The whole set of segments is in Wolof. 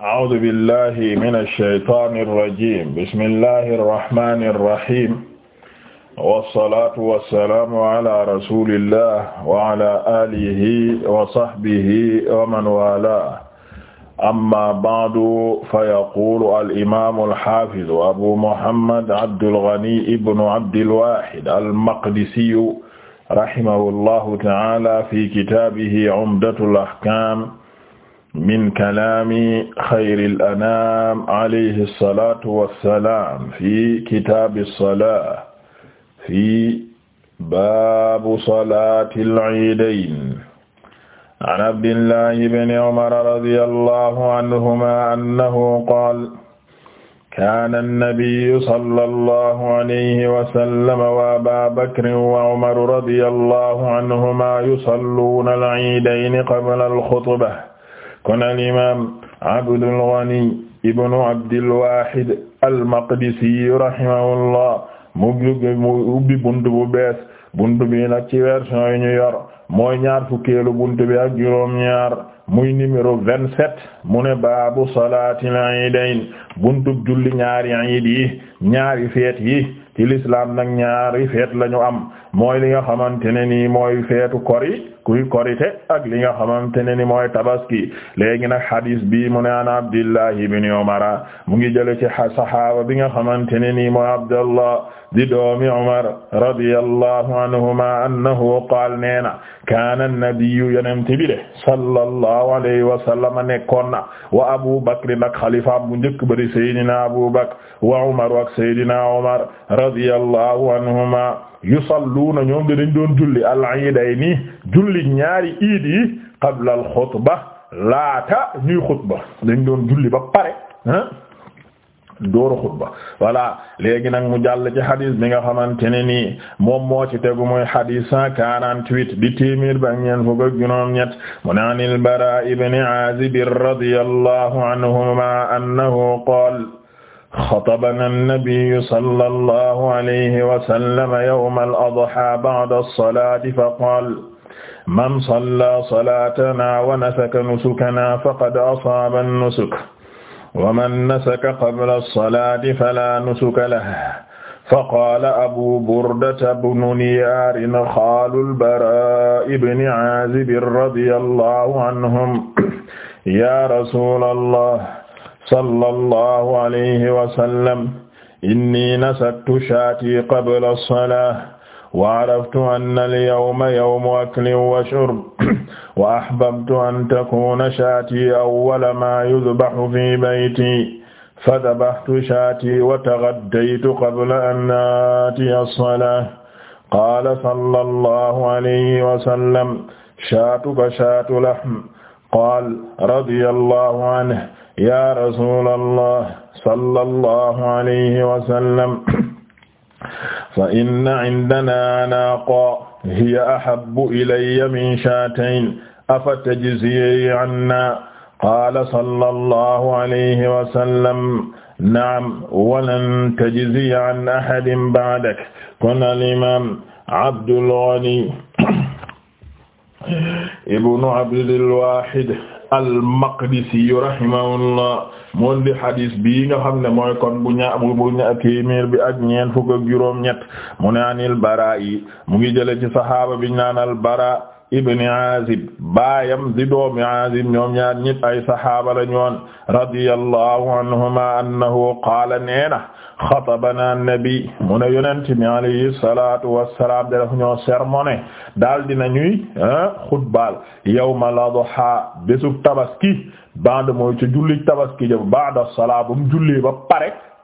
a'uuzu billahi mina shaytaani rajiim bismillahi rahmaani rahiim wasalaatu wasalaamu ala rasulillah wa ala aalihi wa sahbihi wa man waalaahu amma ba'du fa yaquulu al-imaamu al-haafizu abu muhammad abdul ghani ibnu abdil waahid al-maqdisiyu rahimahu llahu ta'aala fi kitaabihi umdatul ahkaam min kalaami xayril anaam alayhi salaatu wa salaam fi kitaabi salaa fi baabu salaatil iidayni an abdillaahi ibni umar radiyallaahu anhumaa annahu qaala kaana nabiyyu sallallaahu alayhi wa sallam wa abaa bakrin wa umaru radiyallaahu anhumaa yusalluuna al iidayni qabla al xutba kon al imaam Abdul Ghani ibnu Abdil Wahid al-Maqdisi rahimahullah mu ubbi buntu bu bees buntu bi nag ci version yi ñu yor mooy ñaar fukkeelu buntu bi ak juróom-ñaar muy numéro vingt-sept mu ne baabu salaatil iidayn buntu julli ñaari iid yi ñaari feet yi ci l'islam nag ñaari feet la am mooy li nga xamante ne nii mooy feetu kori kuy korite ak li nga xamante ne ni mooy tabaski léegi nag hadis bi mu ne an Abdullah ibn Umar mu ngi jële ci sahaaba bi nga xamante ne nii mooy Abdullah di doomi Umar radiyallahu anhuma annahu qaal neena kaana an-nabiyyu yenente bi de sallallahu wa nekkoon na wa Abu Bakr nag xalifa bu njëkk bari Seydina Abu Bakr wa Umar ak Seydina Umar radiyallahu anhuma yusalluuna ñoom de dañ doon julli al-iidayni julli ñaari iid yi qabla al-xutba laata ñuy xutba dañ doon julli ba pare dooru xutba voilà léegi nag mu jàll ci xadis bi nga xamante ne nii moom moo ci tegu mooy xadis cent quarante-huit di téeméer ba ñeent fukk ak juróom ñett mu naan al-Baraa ibn Aazib radiyallahu anhuma annahu qaala xatabana annabiyu sala allahu alayhi wasallama yowma aladha bacda alsalati fa qaal man salla salatana wa nasaka nusukana faqad asaaba annusuk wa man nasaka qabla alsalati fala nusuka lahu faqaala abu burdata bnu niyaarin xaalu albaraa ibni caazibin radiya allahu anhum ya rasuula allah sallallahu alayhi wa sallam inni nasattu shaati qabla as-salaa wa araftu anna al-yawma yawmu aklin wa shurb wa ahbabtu an takuna shaati awwala ma yudbahu fi bayti fadabahtu shaati wa taghaddaytu qabla an aatiya as-salaa qaala sallallahu alayhi wa sallam shaatuka shaatu lahm qaala radiyallahu anhu ya rasulallah sallallahu alayhi wa sallam fa inna indana anaaqa hiya ahabbu ilayya min shaatayn afatajzii anna qaala sallallahu alayhi wa sallam na'am walan tajzii an ahadin ba'dak kon al-imaam Abdul Ghani ibnu Abdil Waahid al-Maqdisi rahimahullah moom di hadis bii nga xam ne mooy kon bu ña bu ña téeméer bi ak ñeent fukk ak juróom-ñett mu ne anil Baraa yi mu ngi jëlee ci saxaaba bi ñu naan al-Baraa ibni azib baayam di doomi azib ñoom ñaar ñit ay sahaaba la ñoon radiyallahu anhuma annahu qaala neena xatabana nabi mu ne yonent mi alayhi salatu wassalam daf ñoo sermoné daal dina ñuy ah, xutbaal tabaski bande mooy ca julli tabaski ja ba'da salaa bu mu julli ba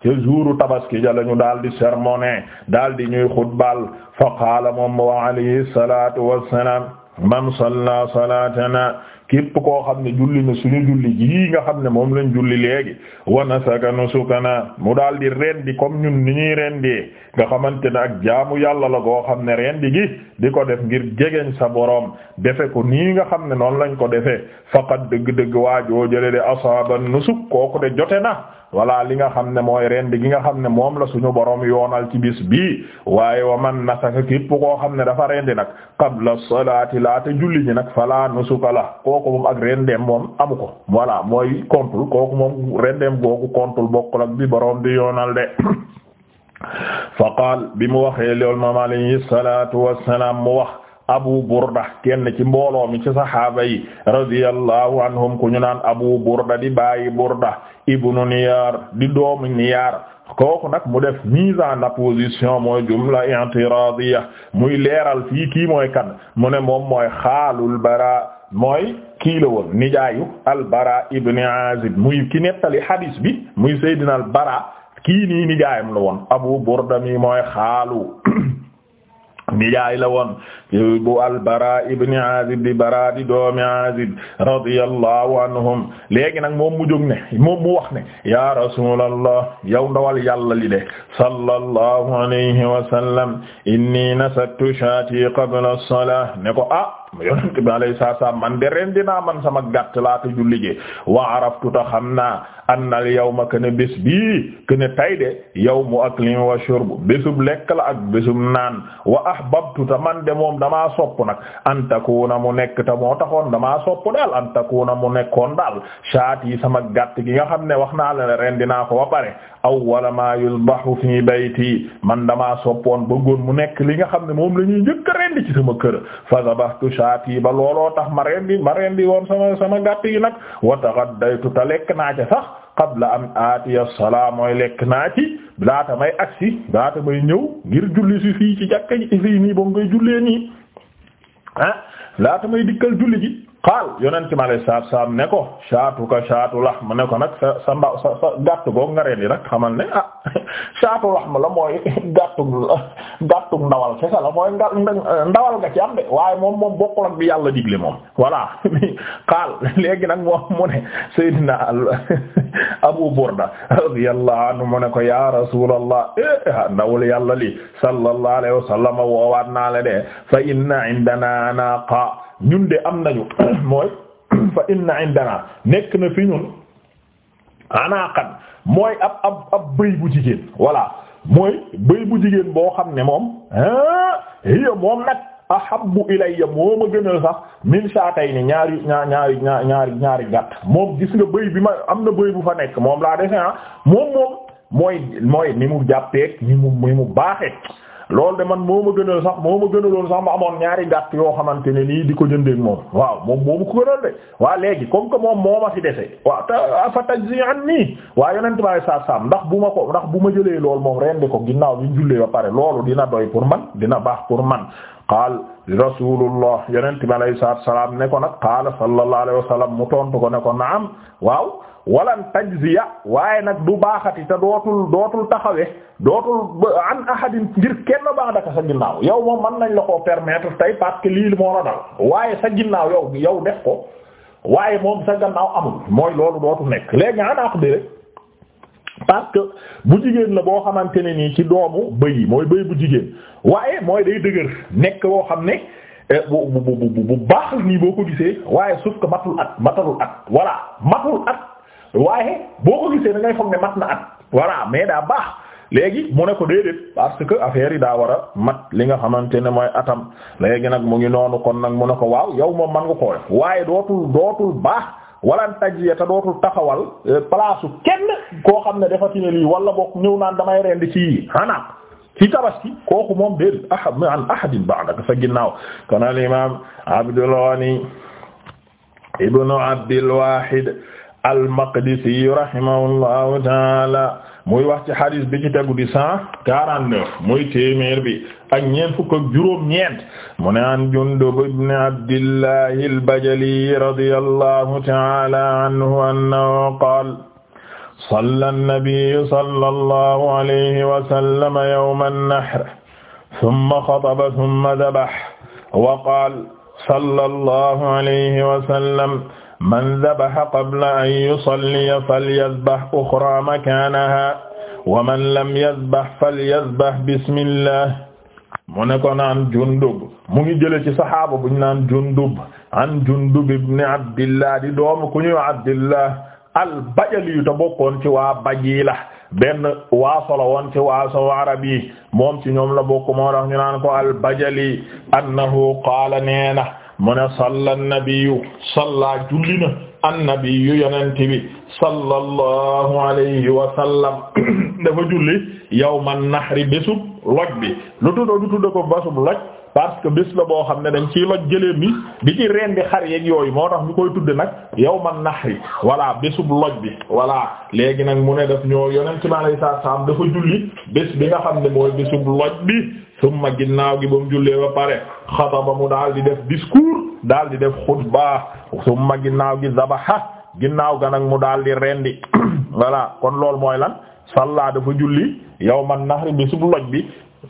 daal di sermoné daal di ñuy xutbaal fa qaala moom wa alayhi salatu wassalam man salla salatana képp koo xam ne julli na suñu julli ji nga xam ne moom lañ julli léegi wa nasaka nusukana mu daal di rendi comme ñun nu ñuy rendee nga xamante ne ak jaamu yàlla la goo xam ne rendi gi di ko def ngir jegeñ sa boroom defe ko nii nga xam ne noonu lañ ko defee faqat dëgg-dëgg waajoo jële de asaaban nusuk kooku de jote na walla li xam ne mooy rendi gi nga xam ne moom la suñu boroom yoonal ci bis bi waaye wa man nasaka képp koo xam ne dafa rendi nag qabla salaati laata julli ñi nag fala nusuka la kooku moom ak rendeem moom amu ko voilà mooy kontul kooku moom rendeem googu kontul bokkul ak bi boroom di yoonal de fa qaal bi mu waxee loolu moom alayhi salaatu wassalaam mu wax abu burda kenn ci mbooloo mi ci saxaaba yi radiyallahu anhum ku ñu naan abu burda di bàyyi burda ibnu niyaar di doomu niyaar kooku nag mu def mise en opposition mooy jumla i'tiradiya muy leeral fii kii mooy kan mu ne moom mooy xaalul bara mooy kii la woon nijaayu al ibn azib muy ki nettali hadis bi muy seydina al bara kii nii nijaayam lawoon woon abu burda mi mooy xaalu nijaay la woon bu albara ibni azib di bara di doomi azib radiyallahu anhum léegi nag moom mu jóg ne moom mu wax ne ya rasulallah yow ndawal yàlla li de sallallahu alayhi wa sallam inni nasattu shaati qabla as-salah ne ko ah yonent bi alayhi salaam man de ren dinaa man sama gàtt laata julli ji wa araftu ta xam naa anna al yawma kana bés bii kana tay de yawmu aklin wa shurb bésub lekk la ak bésub naan wa ahbabtu ta man de moom damaa sopp nag an takuna mu nekk ta moo taxoon damaa sopp daal an mu nekkoon daal shaat yi sama gàtt gi nga xam ne wax naa la ren dinaa ko ba pare awwala ma yuzbahu fi bayti man damaa soppoon bëggoon mu nekk li nga xam ne moom la njëkk rendi ci shaati ba looloo tax ma rendi ma rendi woon sama sama gàtt yi nag wa taghaddaytu ta lekk naa ca sax qabla an atiya salaa mooy lekk naa ci laata may agsi laata may ñëw ngir julli si fii ci jàkka ji fii nii ba mu koy jullee nii ah laata may dikkal julli ji qaal yonent mi alayhi salaatu salaam ne ko shaatuka shaatu lahm ne ko nag sa sa mba sa sa gàtt googu nga rendi nag xamal ne ah shaatu lahm la mooy gàttug ndawal kese la ndawal nga ci am de bokkul ak bi yàlla digle moom voilà qaal léegi nag moom mu ne Seydina Abu Burda radiyallahu anhu mu ko ya rasuulallah eh, ndawul yàlla li sallallahu alayhi wa sallam woowaat naa la de fa inna indana anaaqa ñun de am nañu mooy fa inna indana nekk na fi ñun anaqan mooy ab ab ab bëy bu jigéen voilà mooy bëy bu jigéen boo xam ne moom ah, hiya moom nag ahabbu ilayya moo ma gënal sax min shaatayni ñaari ñaari ñaari ñaari gàtt moom gis nga bëy bi ma am na bëy bu fa nekk moom laa defe ah moom moom mooy mooy ni mu jàppeek ni mu ni mu baaxee loolu de man moo ma gënal sax moo ma gënaloon sax ma amoon ñaari gàtt yoo xamante ne nii di ko jëndeek moom waaw moom moomu ko gënal de waaw léegi kom que moom moo ma fi dese waaw te fa tajsi an nii waaw yonent baay saa saam ndax bu ma ko ndax bu ma jëlee lool moom rendi ko ginnaaw bi jullee ba pare loolu dina doy pour man dina baax pour man qaal rasulullah yonent bi alayhi salaam ne ko nag qaala sallallahu alayhi wa sallam mu tontu ko ne ko naam waaw walan tajziya waaye nag du yi te dootul dootul taxawe dootul an ahadin ngir kenn baax daka sa ginnaaw yow moom mën nañ la koo permettre tey parce que lii moo la dal waaye sa ginnaaw yow yow def ko waaye moom sa gannaaw amul mooy loolu dootul nekk léegi nga naa ko de parce bu jigéen la boo xamante ne nii ci doomu bëy mooy bëy bu jigéen waaye mooy day dëgër nekk woo xam ne eh, bu bu bu bu baax nii boo ko gisee waaye suuf ko matul at matalul at voilà matul waaye boo ko gisee da ngay foog ne mat na at voilà mais daa baax léegi mu ne ko déedéet parce que affaire yi daa war a mat li nga xamante ne mooy atam léegi nag mu ngi noonu kon nag mu ne ko waaw yow moom man nga koo def waaye dootul dootul baax wala tajiya te dootul taxawal euh, place kenn koo xam ne dafa tine lii wala boog ñëw naan damay rendi ci xanaa ci tabaski kooku moom déedéet ahad an ahadin sa ginnaaw kon al imam ibnu Abdil Wahid al-Maqdissî rahimahullahu taala muy wax ci hadis bi ci tegu di cent quarante neuf muy téeméer bi ak ñeent fukk ak juróom ñeent mu ne an Jundub ibn Abdillahi al-Bajali radiyallahu taala anhu annahu qaala salla an-nabiyyu sallallahu alayhi wa sallam yawma an-nahr thumma khataba thumma dhabaha wa qaala sallallahu alayhi wa sallam man dabaxa qabla an yusalliya falyadbax uxra makaanaha wa man lam yadbax falyadbax bismillah mu ne ko naan Jundub mu ngi jële ci saxaaba bu ñu naan Jundub an Jundub ibn Abdillah di doomu ku ñuy Abdillah al-Bajali te bokkoon ci waa Bajila benn waaso la woon ci waaso arab yi moom ci ñoom la bokk moo tax ñu naan ko al-Bajali annahu qaala neena mu ne salla nabiyu salla julli na annabiyu yonent bi sallallahu alayhi wa sallam dafa julli yawman nahri bésub loj bi lu tudda lu tudda ko bésub loj parce que bés la boo xam ne dañ ciy loj gëléem bi di ci rendi xar yeeg yooyu moo tax ñu koy tudde nag yawman nahri voilà bésub loj bi voilà léegi nag mu ne daf ñoo yonent bi alayhi salaam dafa julli bés bi nga xam ne mooy bésub loj bi summa ginnaaw gi ba mu jullee ba pare xataba mu daal di def discours daal di def xutba summa ginnaaw gi zabaha ginnaaw ga nag mu daal di rendi voilà kon lool mooy lan salla dafa julli yawman nahri bi sub loj bi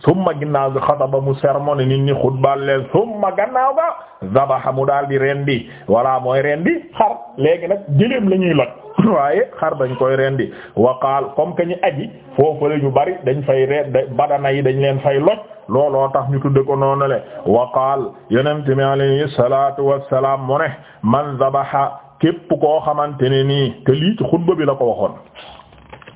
summa ginnaaw gi xataba mu sermon nit ñi xutbal leen summa gannaaw ga zabaha mu daal di rendi walaa mooy rendi xar léegi nag jëleem la ñuy loj waaye xar dañ koy rendi waqaal comme que ñu aji foofu la ñu bari dañ fay rendi badana yi dañ leen fay loj looloo tax ñu tudde ko noonu le wa qaal yonente bi alayhi salatu wassalaam mu ne man zabaha képp koo xamante ne nii te lii bi la ko waxoon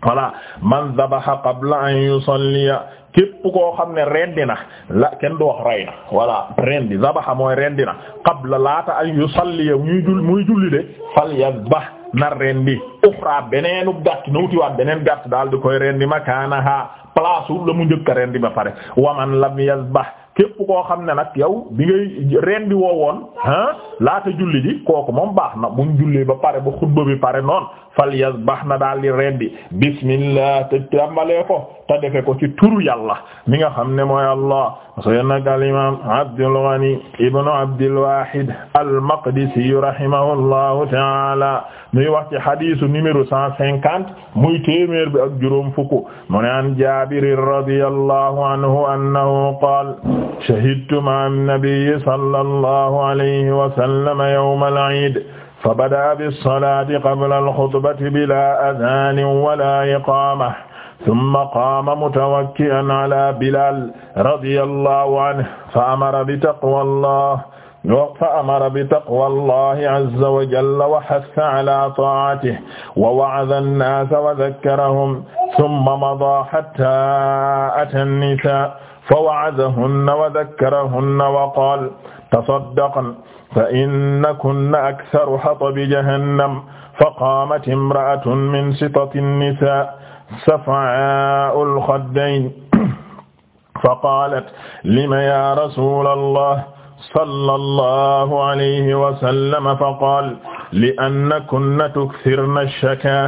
voilà man zabaha qabla an yusalliya képp koo xam ne rendi na la kenn du wax rey na voilà rendi zabaha mooy rendi na qabla laata an yusalliya muy jul muy julli de fal yazbah na rendi uxra beneenu gàtt na wutiwaat beneen gàtt daal di koy rendi makaanaha place la mu njëkk a rendi ba pare waman la lam yazbah képp koo xam ne nag yow bi ngay rendi woo woon ah laata julli ji kooku moom baax na mu jullee ba pare ba xutba bi pare noonu fal yasbahna daal di rendi bismillah te tàmbalee ko te defe ko ci turu yàlla mi nga xam ne mooy allah soo nag al imam Abdul Ghani ibnu Abdul Wahid al Maqdisi rahimahullahu taala muy wax ci hadisu numéro cent cinquante muy téeméer bi ak juróom fukk mu ne an Jaabir radiyallahu anhu annahu qaala shahidtu ma'a an-nabiyyi sallallahu alayhi wa sallam yawm al-iid fa bada bilsolati qabla alxutbati bila adanin wala iqama summa qaama mutawakki'an ala bilal radiya allahu anhu fa amara bitaqwa allah fa amara bitaqwa allahi azza wa jalla wa hassa ala taa'atihi wa wa'aza annaasa wa zakkarahum summa madaa hattaa ataa annisaa fa wa'azahunna wa zakkarahunna wa qaala tasaddaqna fa innakunna aktharu hatabi jahannam fa qaamat imra'atun min sitati nnisaa saf'aa'ul khaddayn fa qaalat lima yaa rasuulallah sallallahu alayhi wa sallam fa qaala li'annakunna tukthirna ash-shakaa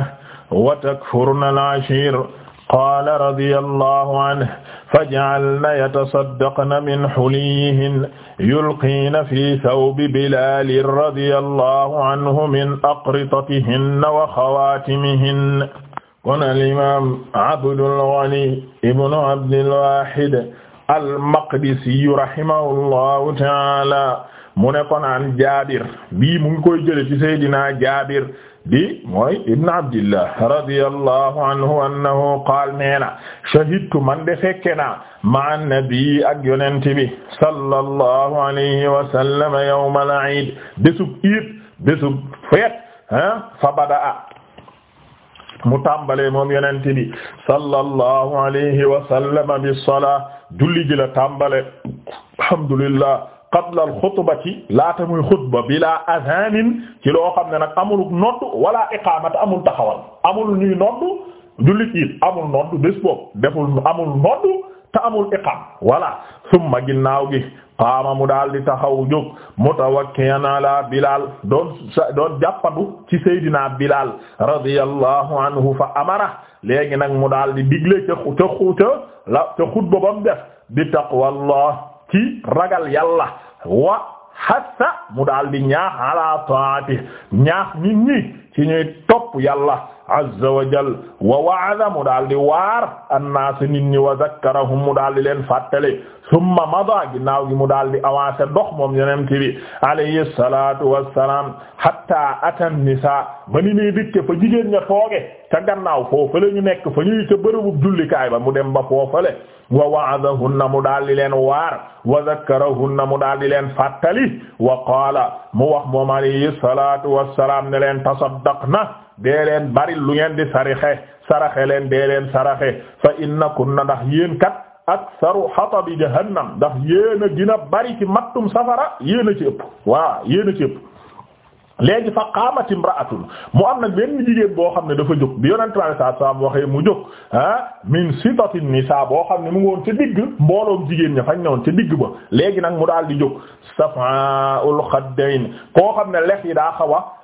wa takfurna al-'ashiir qaala radiyallahu anhu فجعلن يتصدقن من حليهن يلقين في ثوب بلال رضي الله عنه من أقرطتهن وخواتمهن kon الإمام عبد الغني ابن عبد الواحد المقدسي رحمه الله تعالى mu ne kon an Jaabir bi mu ngi koy jële ci Seydina Jaabir bi mooy ibn abdillah radiyallahu anhu annahu qaal neena shahidtu man de fekke naa ma nabi ak yonent bi sallallahu alayhi wa sallam yawmal iid bésub iid bésub feet ah fa badaa mu tàmbalee moom yonent bi sallallahu alayhi wa sallam bis salaa julli ji la tàmbale alhamdulillah qabla al xutbati laata muy xutba bila adhanin ci loo xam ne nag amul nodd wala iqaamata amul taxawal amul ñuy nodd jullit yi amul nodd bés boobu deful amul nodd te amul iqaam wala summa ginnaaw gi qaama mu daal di taxaw jóg mutawakkiyan ala Bilal doon doon jàppandu ci Seydina Bilal radiyallahu anhu fa amara léegi nag mu daal di digle ca ca ca la ca xutba ba mu def bi taqwallah ci ragal yàlla wa hassa mu daal di ñaax ala taati ñaax nit ñi ci ñuy topp yàlla azza wa jal wa wa'ada mu daal di waar annaas nit ñi wa zakkarahum mu daal di leen fàttali summa mada ginnaaw gi mu daal di avancé dox moom yonent bi alayhi salaatu wassalaam hatta atan nisaa ba ni muy dikke fa jigéen ña tooge ca gannaaw foofale ñu nekk fa ñuy ca bërëbub jullikaay ba mu dem ba foofale wa wa'adahunna mu daal di leen waar wa zakkarahunna mu daal di leen fàttali wa qaala mu wax moom alayhi salaatu wassalaam ne leen tasaddaqna dee leen bari lu ngeen di sarixe saraxe leen dee leen saraxe fa innakunna ndax yéen kat aktharu hatabi jahannam ndax yéen a dina bari ci mattum safara yéen a ci ëpp waa yéen a ci ëpp léegi fa qaamat imra'atun mu am nag benn jigéen boo xam ne dafa jóg bi yonent bi saa saam waxee mu jóg ah min sitati nisaa boo xam ne mu ngi woon digg mbooloom jigéen ña fañ ne woon ci digg ba léegi nag mu daal di jóg safa'ul khaddayn koo xam ne lex yi daa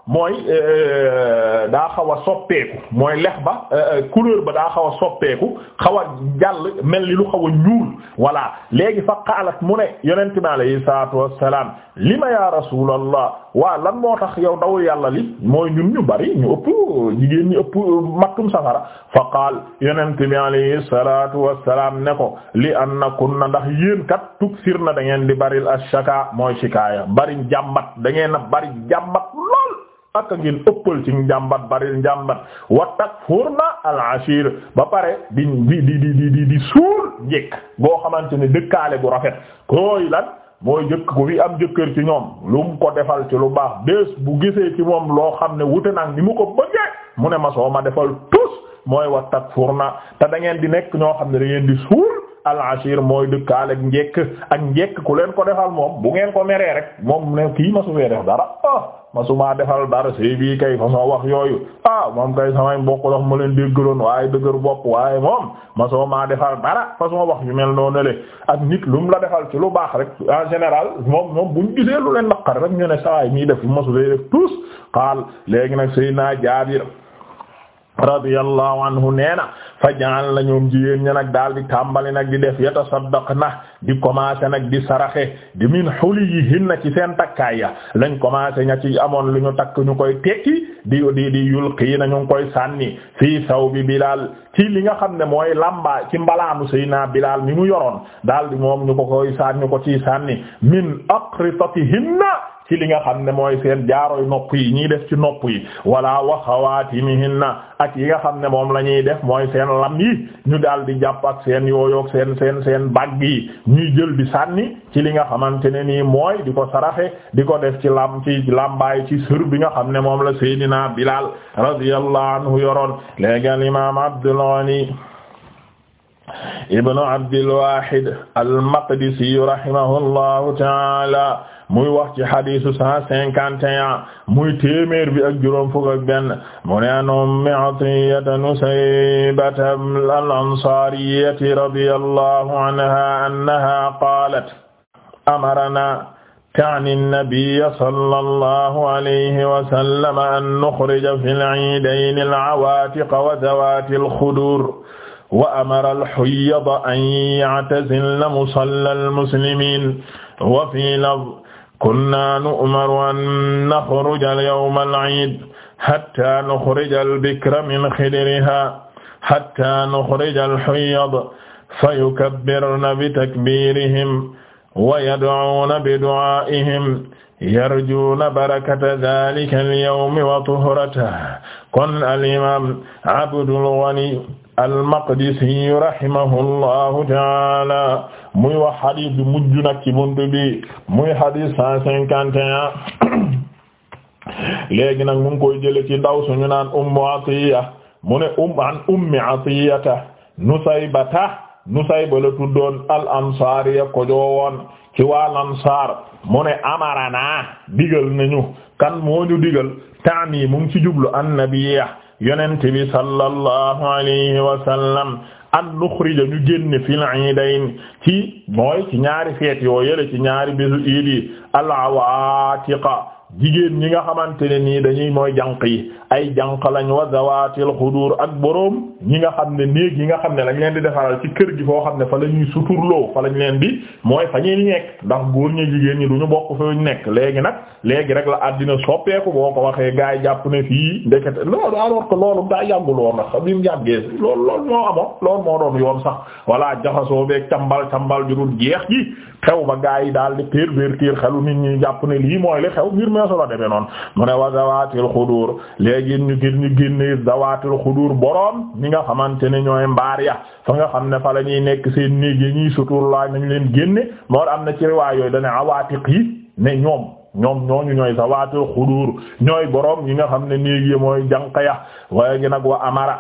mooy euh, daa xaw a soppeeku mooy lex ba euh, euh, couleur ba daa xaw a soppeeku xaw a jàll mel ni lu xaw a ñuul voilà léegi fa qaalat mu ne yonent bi alayhi salaatu salaam li ma yaa rasuulallah waa lan moo tax yow daw yàlla li mooy ñun ñu bari ñu ëpp jigéen ñu ëpp mattum safara fa qaal yonent bi alayhi salaatu wassalaam ne ko li annakunna ndax yéen kat tuksirna da ngeen di baril ashaka mooy shikaaya bari jàmbat dangeen ngeen bari jàmbat ak ngeen ëppal ci njàmbat bari njàmbat wattak furna al ashir ba pare di di di di di di suul njëkk goo xamante ne dëkkaale bu rafet koy lan mooy jëkk ko fi am jëkkër ci ñoom lu mu ko defal ci lu baax bés bu gisee ci moom loo xam ne wute nag ni mu ko bëggee mu ne ma soo ma defal tus mooy wattak furna te da ngeen di nekk ñoo xam ne da ngeen di suul al ashir mooy dëkkaale ak njekk ak njekk ku leen ko defal moom bu ngeen ko meree rek moom ne kii ma su fee def dara ah ma maa defal dara sëy bii kay façon wax yooyu a ah, moom kay samay mbokk dox ma leen déggaloon waaye dëgër bopp waaye moom ma soo maa defal dara façon wax yu mel noonu le ak nit lu mu la defal ci lu baax rek en général moom moom buñ gisee lu leen naqar rek ñu ne sawaay mii def ma su fee def tous xaal léegi nag sëy naa jaabir radiyallahu anhu nee na fa jaal la ñoom jigéen ña nag daal di tàmbali nag di def yatasaddaq na di commencé nag di saraxe di min na ci seen takkaay ya lañ commencé ña ci amoon lu ñu takk ñu koy tekki di di di yulqii na ñu ngi koy sànni fii saw bi Bilaal ci li nga xam ne mooy lamba ci mbalaanu Seydina Bilaal mi mu yoroon daal di moom ñu ko koy sànni ñu ko ciy sànni min aqritatihinna ci li nga xam ne mooy seen jaaroy nopp yi ñuy def ci nopp yi walaa wala wa xawaatimihinna ak yi nga xam ne moom la ñuy def mooy seen lam yi ñu daal di jàpp ak seen yooyoog seen seen seen bagg yi ñuy jël di sànni ci li nga xamante ne nii mooy di ko saraxe di ko def ci lam ci lambaay ci sër bi nga xam ne moom la Seydina Bilal radiyallahu anhu yoroon léegi al imaam Abdul Ghani ibnu abdilwahid almaqdisiyu rahimahullahu taala muy wax ci xadisu cent cinquante et un muy téeméer bi ak juróom fukk ak benn mu ne an ummi atiyata nusaybata al ansaariyati radiyallahu anha annaha qaalat amarana kaani nabiyya sallallahu alayhi wa sallam an nuxrija fil iidayni al awaatiqa wa zawaati al xuduur wa amara al-huyyada an ya'tazila musalla al-muslimiin wa fii lafdin kunnaa nu'maru an naxruja yawma al-'iid hattaa nuxrija al-bikra min xidrihaa hattaa nuxrija al-huyyada fayukabbirna bitakbiirihim wa yad'uuna bidu'aa'ihim yarjuuna barakata dhaalika al-yawmi wa tuhratahu kon al-imaam Abdul Ghani al-Maqdissî rahimahullahu taala muy wax hadis bi mujj nag ci buntu bi muy hadis cent cinquante et un léegi nag mu ngi koy jële ci ndaw suñu naan Ummu Atiyya mu ne um an Ummi Atiyyata Nusaybata Nusayba la tuddoon al-Ansaariya ko joowoon ci waa Ansaar mu ne amarana digal nañu kan moo ñu digal taami mu ngi jublu annabiya yonent bi sallallahu alayhi wa sallam an nuxrija ñu génne fil iidayn ci mooy ci ñaari feet yoo yële ci ñaari bésu iid yi al awaatiqa jigéen ñi nga xamante ne nii dañuy mooy jànq yi ay jànq lañ wa zawatil xudur ak boroom ñi nga xam ne néeg ñi nga xam ne lañ leen di defaral ci kër gi foo xam ne fa la ñuy suturloo fa lañ leen di mooy fa ñuy nekk ndax góor ñi jigéen ñi du ñu bokk fa ñu nekk léegi nag léegi rek la àddina soppeeku boo ko waxee gaa yi jàpp ne fii ndekete loolu alors que loolu daa yàggul woon na xam lim yàggee loolu loolu moo amoon loolu moo doon yoon sax voilà jaxasoo beeg cambal cambal jurul jeex gi xew ba yi daal di pervertir xelu nit ñi jàpp ne lii mooy li xew ma solo demee noonu mu ne wa zawaatil xuduur léegi ñu gën ñu génne zawaatil xuduur boroom ñi nga xamante ne ñooy mbaar ya fa nga xam ne fa la ñuy nekk seen néeg yi ñuy sutur laaj nañu leen génne moo am na ci riwaay yooyu dana awaatiq yi ne ñoom ñoom ñooñu ñooy zawaatil xuduur ñooy boroom ñi nga xam ne néeg yi mooy jànq ya waaye gi nag wa amara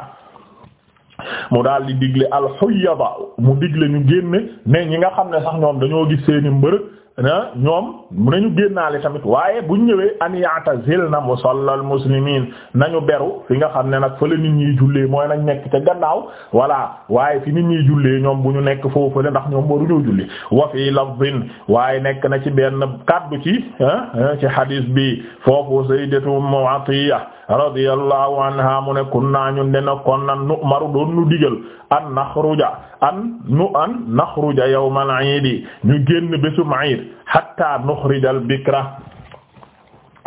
mu daal di digle alxuyaba mu digle ñu génne ne ñi nga xam ne sax ñoom dañoo gis seeni mbërëg ñoom mu nañu génnaale tamit waaye buñ ñëwee an ya'tazilna musallal muslimiin nañu beru fi nga xam ne nag fële nit ñiy jullee mooy nañ nekk ca gannaaw voilà waaye fi nit ñiy jullee ñoom bu ñu nekk foofu la ndax ñoom waruñoo julli wa fi lafdin waaye nekk na ci benn kàddu ci ah, ah, ci hadis bi foofu sayyidatu Mu'atiya radiyallahu anha mu ne kunna ñun de nekkoon nan nu maru doon nu digal an naxruja an nu an naxruja yawmal iidi ñu génn bésum iid hatta nuxrijal bikra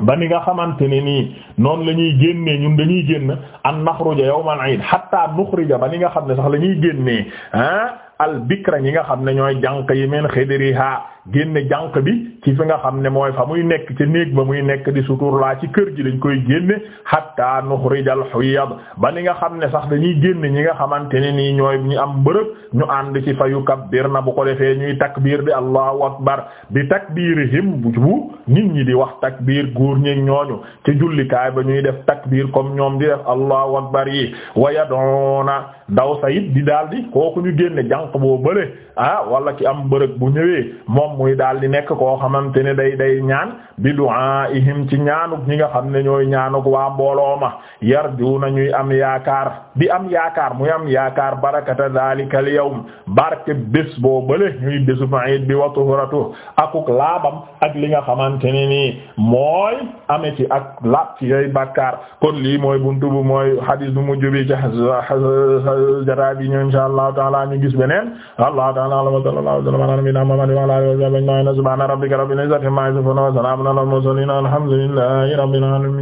ba ni nga xamante ne nii noonu la ñuy génnee ñun dañuy génn an naxruja yawmal iid hatta nuxrija ba ni nga xam ne sax la ñuy génnee ah al bikra ñi nga xam ne ñooy jànq yi men xidriha génne jànq bi ci fi nga xam ne mooy fa muy nekk ci néeg ba muy nekk di laa ci kër gi dañ koy génne hatta nuxrijal xuyad ba ni nga xam ne sax dañuy génne ñi nga xamante ne nii ñooy ñu am bërëb ñu ànd ci fayu kabbir na bu ko defee ñuy takbiir di allahu akbar bi takbirihim bu nit ñi di wax takbiir góor ñeeg ñooñu ci jullikaay ba ñuy def takbiir comme ñoom di def allahu akbar yi wa yad'una daw sayid di daldi kooku ñu génne jànq boo bële ah wala ki moom muy daal di nekk koo xamante ne day day ñaan bi du'aihim ci ñaanuk ñi nga xam ne ñooy ñaanuk waa mbooloo ma yarjuuna ñuy am yaakaar bi am yaakaar muy am yaakaar barakata dhalika al yawm barke bés boo bële ñuy bésu fa'id bi wa tuhratu akuk laabam ak li nga xamante ne nii mooy ame ci ak laab ci yooy bàkkaar kon lii mooy buntu bu mooy hadis bu mujj bi ci jataay bi Allah ta'ala ñu gis beneen Allah ta'ala wa sallallahu alayhi wa sallam ñoom lañ naan subhaana rabbika rabbil izzati amma yasifuun wa salaamun alal mursaliin alhamdulillahi rabbil aalamiin